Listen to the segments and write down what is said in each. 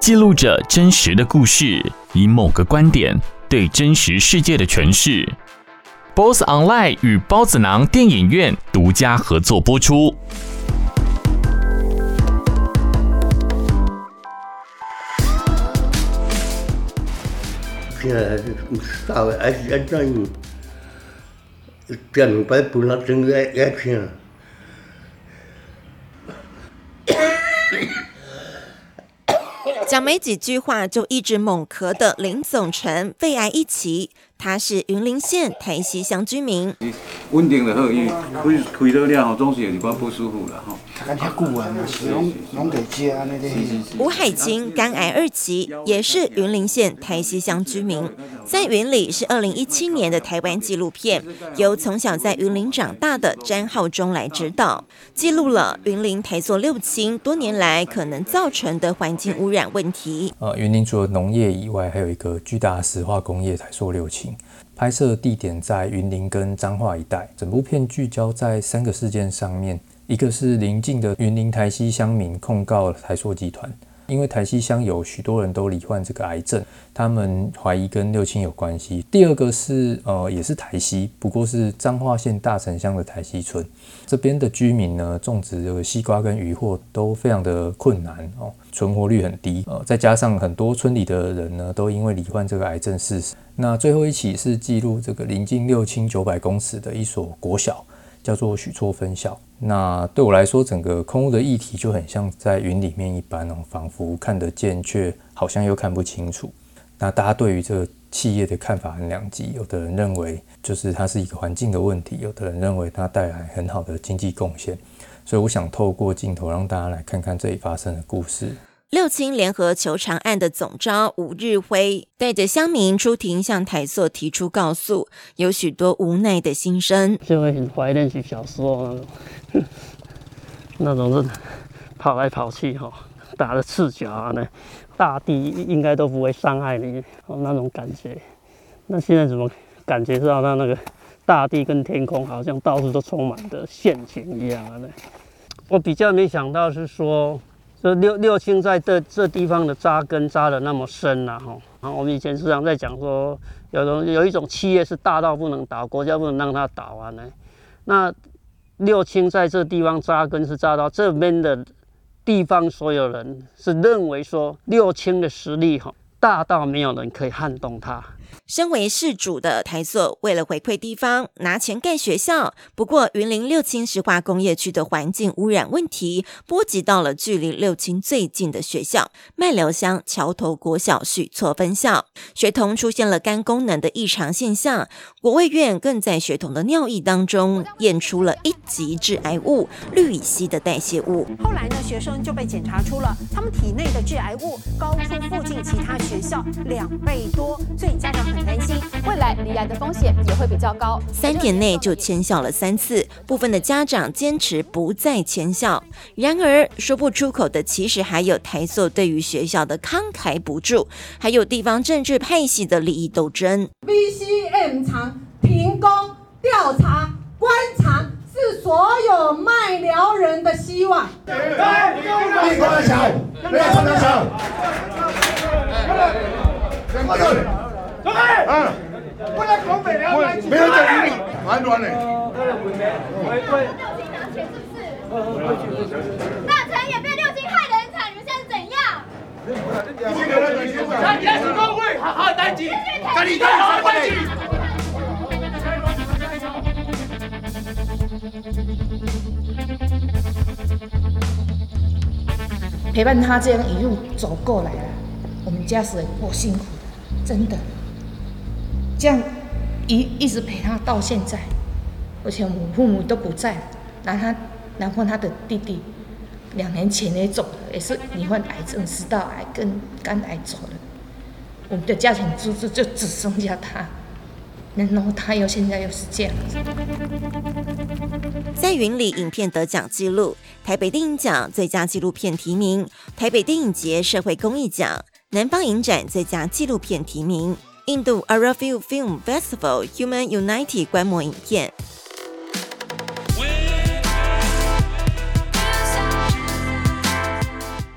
記錄着真實的故事，以某個觀點對真實世界的詮釋。BOSS Online 與包子囊電影院獨家合作播出。 講沒幾句話就一直猛咳的林總成肺癌一期。他是雲林縣台西鄉居民。的不舒服了、哦、他感覺啊，那吳、啊、海清、啊、肝癌二期，也是雲林縣台西鄉居民。在雲裡是二零一七年的台灣紀錄片，由從小在雲林長大的詹皓中來指導，記錄了雲林台塑六輕多年來可能造成的環境污染問題。呃，雲林除了農業以外，還有一個巨大的石化工業台塑六輕。拍攝地點在雲林跟彰化一帶，整部片聚焦在三個事件上面，一個是鄰近的雲林台西鄉民控告台塑集團。因為台西鄉有許多人都罹患這個癌症，他們懷疑跟六輕有關係。第二個是呃，也是台西，不過是彰化縣大城鄉的台西村，這邊的居民呢種植這個西瓜跟魚貨都非常的困難哦，存活率很低。呃，再加上很多村裡的人呢都因為罹患這個癌症逝世。那最後一起是記錄這個鄰近六輕九百公尺的一所國小，叫做許厝分校。那對我來說，整個空污的議題就很像在雲裡面一般哦，仿佛看得見，卻好像又看不清楚。那大家對於這個企業的看法很兩極，有的人認為就是它是一個環境的問題，有的人認為它帶來很好的經濟貢獻。所以我想透過鏡頭讓大家來看看這裡發生的故事。六親聯合求償案的總召吳日輝帶着鄉民出庭向台塑提出告訴，有許多無奈的心聲，就會很懷念起小時候那種，那種是跑來跑去哈，打着赤腳呢、啊，大地應該都不會傷害你，那種感覺。那現在怎麼感覺到那那個大地跟天空好像到處都充滿了陷阱，一樣，我比較沒想到是說。這六六輕在這這地方的扎根扎得那麼深吶，哈！我們以前時常在講說，有種有一種企業是大到不能倒，國家不能讓它倒啊，那六輕在這地方扎根是扎到這邊的地方所有人是認為說，六輕的實力哈大到沒有人可以撼動它。身為事主的台塑為了回饋地方，拿錢蓋學校。不過，雲林六輕石化工業區的環境污染問題，波及到了距離六輕最近的學校麥寮鄉橋頭國小許厝分校，學童出現了肝功能的異常現象。國衛院更在學童的尿液當中，驗出了一級致癌物氯乙烯的代謝物。後來呢，學生就被檢查出了他們體內的致癌物高出附近其他學校兩倍多，最佳。很擔心，未來罹癌的風險也會比較高。三年內就遷校了三次，部分的家長堅持不再遷校。然而，說不出口的，其實還有台塑對於學校的慷慨補助，還有地方政治派系的利益鬥爭。哦、大，是不是、嗯、大城也被六輕害得很慘，你們現在怎樣？陪伴他這樣一路走過來了，我們家是不辛苦的，真的。這樣一一直陪他到現在。而且我父母都不在，然後他，然後他的弟弟兩年前也走了，也是罹患癌症，食道癌跟肝癌走了。我們的家庭支柱就只剩下他，然後他,他又現在又是這樣子。在雲裡影片得獎紀錄：台北電影獎最佳紀錄片提名，台北電影節社會公義獎，南方影展最佳紀錄片提名，印度 Auroville Film Festival Human Unity 觀摩影片。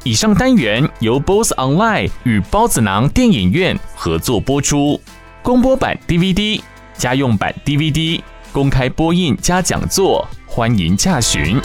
以上單元由 Boss Online 與包子囊電影院合作播出，公播版 DVD、家用版 DVD，公開播映加講座，歡迎洽詢。